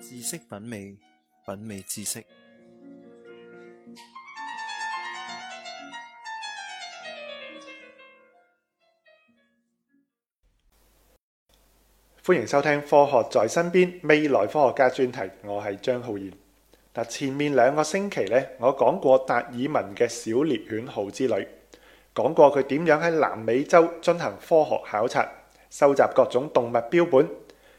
知識品味，品味知識。歡迎收聽《科學在身邊：未來科學家》專題，我係張浩然。嗱，前面兩個星期呢，我講過達爾文嘅小獵犬號之旅，講過佢點樣喺南美洲進行科學考察，收集各種動物標本。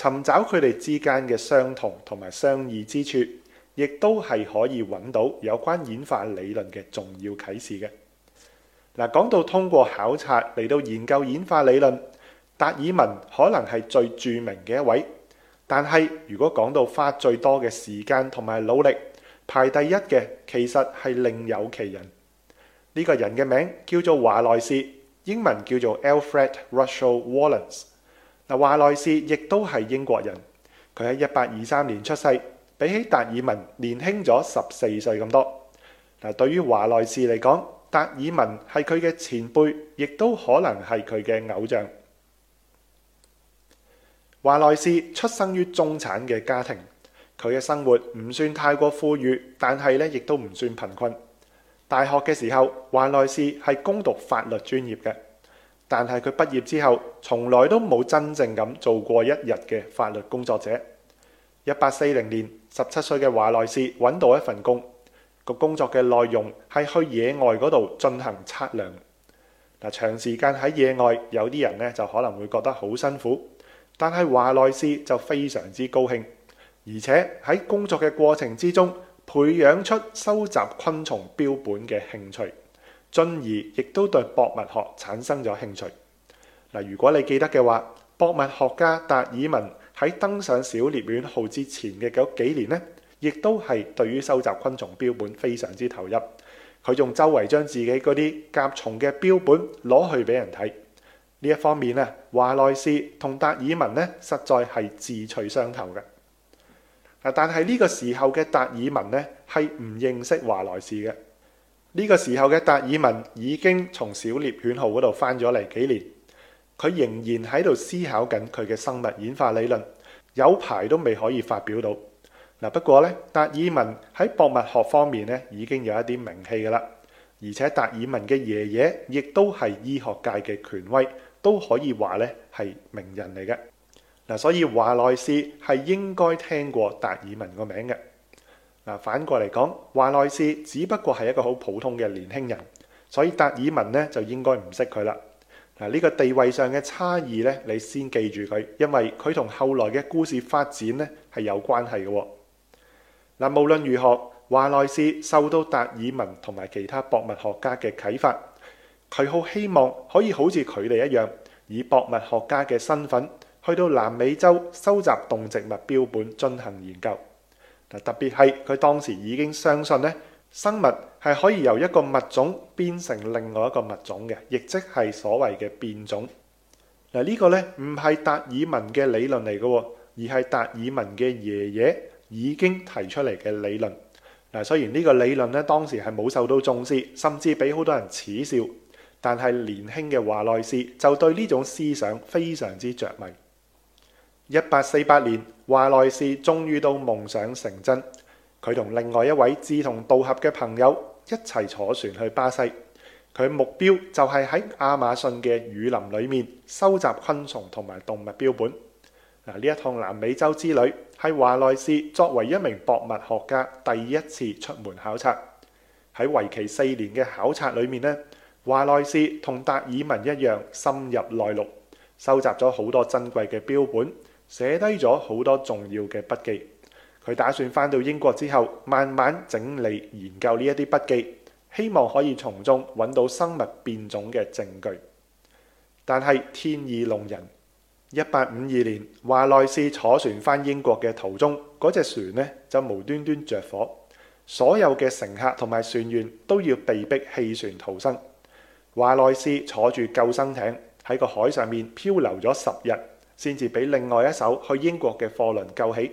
尋找佢哋之間嘅相同同埋相異之處，亦都係可以揾到有關演化理論嘅重要啟示嘅。嗱，講到通過考察嚟到研究演化理論，達爾文可能係最著名嘅一位，但係如果講到花最多嘅時間同埋努力，排第一嘅其實係另有其人。呢個人嘅名叫做華萊士，英文叫做 Alfred Russel Wallace。嗱，華萊士亦都係英國人，佢喺一八二三年出世，比起達爾文年輕咗十四歲咁多。嗱，對於華萊士嚟講，達爾文係佢嘅前輩，亦都可能係佢嘅偶像。華萊士出生於中產嘅家庭，佢嘅生活唔算太過富裕，但係咧亦都唔算貧困。大學嘅時候，華萊士係攻讀法律專業嘅。但係佢畢業之後，從來都冇真正咁做過一日嘅法律工作者。一八四零年，十七歲嘅華萊士揾到一份工，個工作嘅內容係去野外嗰度進行測量。嗱，長時間喺野外，有啲人咧就可能會覺得好辛苦，但係華萊士就非常之高興，而且喺工作嘅過程之中，培養出收集昆蟲標本嘅興趣。進而亦都對博物學產生咗興趣。嗱，如果你記得嘅話，博物學家達爾文喺登上小獵犬號之前嘅嗰幾年咧，亦都係對於收集昆蟲標本非常之投入。佢仲周圍將自己嗰啲甲蟲嘅標本攞去俾人睇。呢一方面啊，華萊士同達爾文咧，實在係志趣相投嘅。嗱，但係呢個時候嘅達爾文咧，係唔認識華萊士嘅。呢個時候嘅達爾文已經從小獵犬號嗰度翻咗嚟幾年，佢仍然喺度思考緊佢嘅生物演化理論，有排都未可以發表到。嗱。不過呢，達爾文喺博物學方面呢已經有一啲名氣噶啦，而且達爾文嘅爺爺亦都係醫學界嘅權威，都可以話呢係名人嚟嘅。嗱。所以華萊士係應該聽過達爾文個名嘅。啊，反過嚟講，華萊士只不過係一個好普通嘅年輕人，所以達爾文咧就應該唔識佢啦。嗱，呢個地位上嘅差異咧，你先記住佢，因為佢同後來嘅故事發展咧係有關係嘅。嗱，無論如何，華萊士受到達爾文同埋其他博物學家嘅啟發，佢好希望可以好似佢哋一樣，以博物學家嘅身份去到南美洲收集動植物標本進行研究。特別係佢當時已經相信咧，生物係可以由一個物種變成另外一個物種嘅，亦即係所謂嘅變種。嗱，呢個咧唔係達爾文嘅理論嚟嘅，而係達爾文嘅爺爺已經提出嚟嘅理論。嗱，雖然呢個理論咧當時係冇受到重視，甚至俾好多人恥笑，但係年輕嘅華萊士就對呢種思想非常之着迷。一八四八年，華萊士終於都夢想成真，佢同另外一位志同道合嘅朋友一齊坐船去巴西，佢目標就係喺亞馬遜嘅雨林裏面收集昆蟲同埋動物標本。嗱，呢一趟南美洲之旅係華萊士作為一名博物學家第一次出門考察。喺為期四年嘅考察裏面呢，華萊士同達爾文一樣深入內陸，收集咗好多珍貴嘅標本。寫低咗好多重要嘅筆記，佢打算翻到英國之後慢慢整理研究呢一啲筆記，希望可以從中揾到生物變種嘅證據。但係天意弄人，一八五二年華萊士坐船翻英國嘅途中，嗰隻船呢就無端端着火，所有嘅乘客同埋船員都要被逼棄船逃生。華萊士坐住救生艇喺個海上面漂流咗十日。先至俾另外一艘去英國嘅貨輪救起，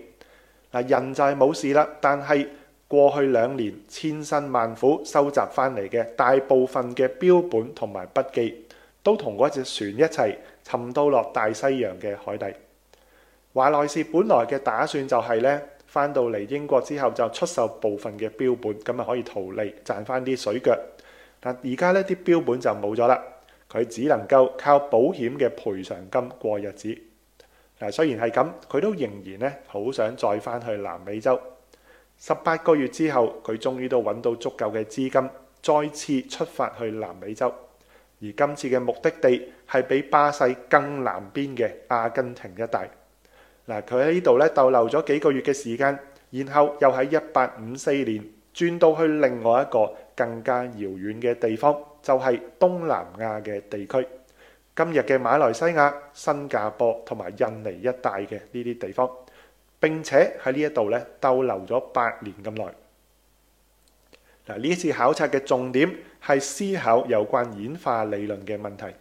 嗱，人就係冇事啦。但係過去兩年千辛萬苦收集翻嚟嘅大部分嘅標本同埋筆記，都同嗰隻船一齊沉到落大西洋嘅海底。華萊士本來嘅打算就係呢：翻到嚟英國之後就出售部分嘅標本，咁咪可以圖利賺翻啲水腳。但而家呢啲標本就冇咗啦，佢只能夠靠保險嘅賠償金過日子。嗱，雖然係咁，佢都仍然咧好想再翻去南美洲。十八個月之後，佢終於都揾到足夠嘅資金，再次出發去南美洲。而今次嘅目的地係比巴西更南邊嘅阿根廷一帶。嗱，佢喺呢度咧逗留咗幾個月嘅時間，然後又喺一八五四年轉到去另外一個更加遙遠嘅地方，就係東南亞嘅地區。今日嘅馬來西亞、新加坡同埋印尼一帶嘅呢啲地方，並且喺呢一度咧逗留咗八年咁耐。嗱，呢一次考察嘅重點係思考有關演化理論嘅問題。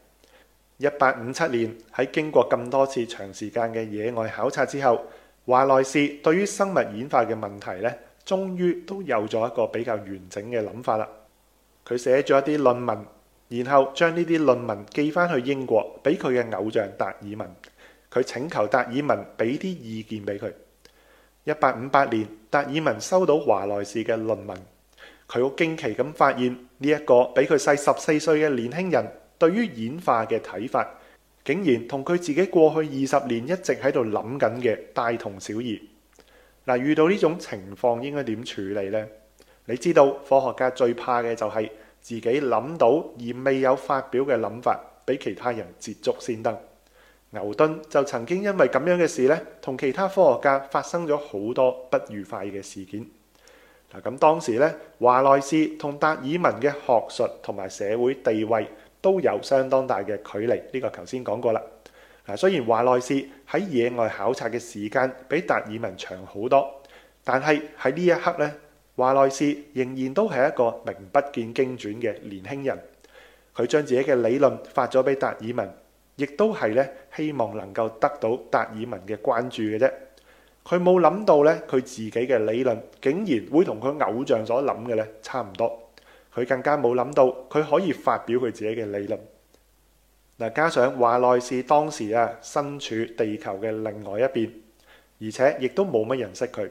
一八五七年，喺經過咁多次長時間嘅野外考察之後，華萊士對於生物演化嘅問題咧，終於都有咗一個比較完整嘅諗法啦。佢寫咗一啲論文。然後將呢啲論文寄翻去英國，俾佢嘅偶像達爾文，佢請求達爾文俾啲意見俾佢。一八五八年，達爾文收到華萊士嘅論文，佢好驚奇咁發現呢一個比佢細十四歲嘅年輕人，對於演化嘅睇法，竟然同佢自己過去二十年一直喺度諗緊嘅大同小異。嗱，遇到呢種情況應該點處理呢？你知道科學家最怕嘅就係。自己諗到而未有發表嘅諗法，俾其他人捷足先登。牛頓就曾經因為咁樣嘅事咧，同其他科學家發生咗好多不愉快嘅事件。嗱，咁當時咧，華萊士同達爾文嘅學術同埋社會地位都有相當大嘅距離。呢個頭先講過啦。嗱，雖然華萊士喺野外考察嘅時間比達爾文長好多，但係喺呢一刻咧。華萊士仍然都係一個名不見經傳嘅年輕人，佢將自己嘅理論發咗俾達爾文，亦都係咧希望能夠得到達爾文嘅關注嘅啫。佢冇諗到咧，佢自己嘅理論竟然會同佢偶像所諗嘅咧差唔多，佢更加冇諗到佢可以發表佢自己嘅理論。嗱，加上華萊士當時啊身處地球嘅另外一邊，而且亦都冇乜人認識佢。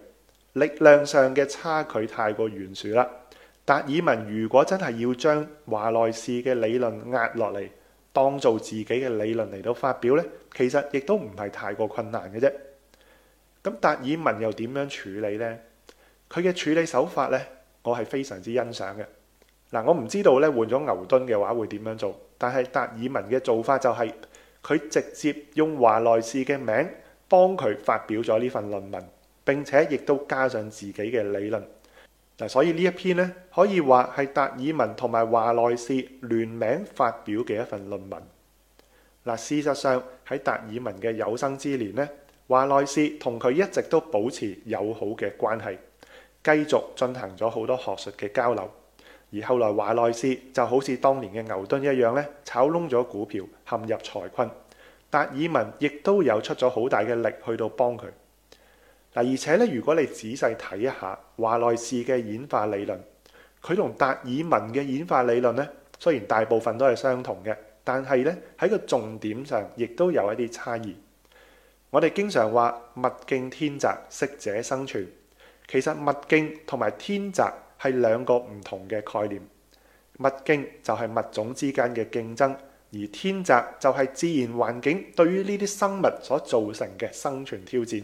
力量上嘅差距太過懸殊啦。達爾文如果真係要將華萊士嘅理論壓落嚟，當做自己嘅理論嚟到發表呢，其實亦都唔係太過困難嘅啫。咁達爾文又點樣處理呢？佢嘅處理手法呢，我係非常之欣賞嘅。嗱，我唔知道咧，換咗牛頓嘅話會點樣做，但係達爾文嘅做法就係，佢直接用華萊士嘅名幫佢發表咗呢份論文。並且亦都加上自己嘅理論，嗱，所以呢一篇咧可以話係達爾文同埋華萊士聯名發表嘅一份論文。嗱，事實上喺達爾文嘅有生之年咧，華萊士同佢一直都保持友好嘅關係，繼續進行咗好多學術嘅交流。而後來華萊士就好似當年嘅牛頓一樣咧，炒窿咗股票陷入財困，達爾文亦都有出咗好大嘅力去到幫佢。嗱，而且咧，如果你仔細睇一下華萊士嘅演化理論，佢同達爾文嘅演化理論咧，雖然大部分都係相同嘅，但係咧喺個重點上，亦都有一啲差異。我哋經常話物競天擇，適者生存，其實物競同埋天擇係兩個唔同嘅概念。物競就係物種之間嘅競爭，而天擇就係自然環境對於呢啲生物所造成嘅生存挑戰。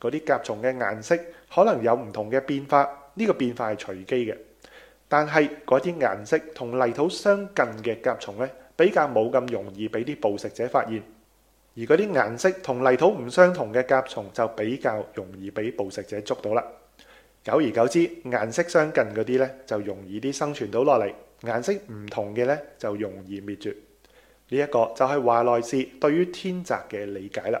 嗰啲甲蟲嘅顏色可能有唔同嘅變化，呢個變化係隨機嘅。但係嗰啲顏色同泥土相近嘅甲蟲呢，比較冇咁容易俾啲捕食者發現；而嗰啲顏色同泥土唔相同嘅甲蟲就比較容易俾捕食者捉到啦。久而久之，顏色相近嗰啲呢，就容易啲生存到落嚟，顏色唔同嘅呢，就容易滅絕。呢一個就係華萊士對於天擇嘅理解啦。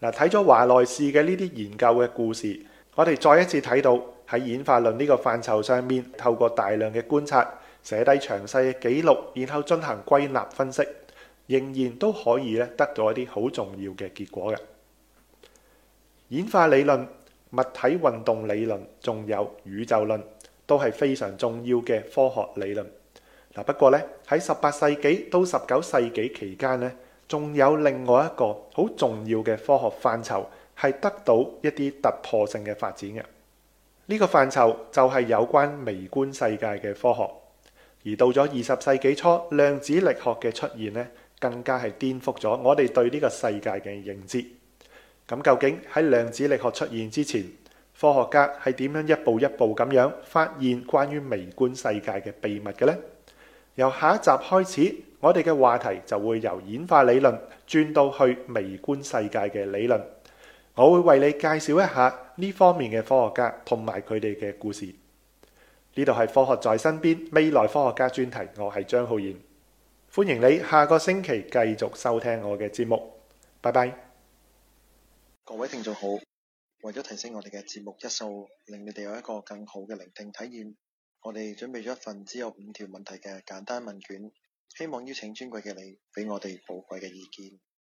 嗱，睇咗華萊士嘅呢啲研究嘅故事，我哋再一次睇到喺演化論呢個範疇上面，透過大量嘅觀察，寫低詳細嘅記錄，然後進行歸納分析，仍然都可以咧得到一啲好重要嘅結果嘅。演化理論、物體運動理論，仲有宇宙論，都係非常重要嘅科學理論。嗱，不過咧喺十八世紀到十九世紀期間咧。仲有另外一個好重要嘅科學範疇，係得到一啲突破性嘅發展嘅。呢個範疇就係有關微觀世界嘅科學。而到咗二十世紀初，量子力學嘅出現咧，更加係顛覆咗我哋對呢個世界嘅認知。咁究竟喺量子力學出現之前，科學家係點樣一步一步咁樣發現關於微觀世界嘅秘密嘅呢？由下一集開始，我哋嘅話題就會由演化理論轉到去微觀世界嘅理論。我會為你介紹一下呢方面嘅科學家同埋佢哋嘅故事。呢度係科學在身邊未來科學家專題，我係張浩然，歡迎你下個星期繼續收聽我嘅節目。拜拜。各位聽眾好，為咗提升我哋嘅節目質素，令你哋有一個更好嘅聆聽體驗。我哋準備咗一份只有五條問題嘅簡單問卷，希望邀請尊貴嘅你俾我哋寶貴嘅意見。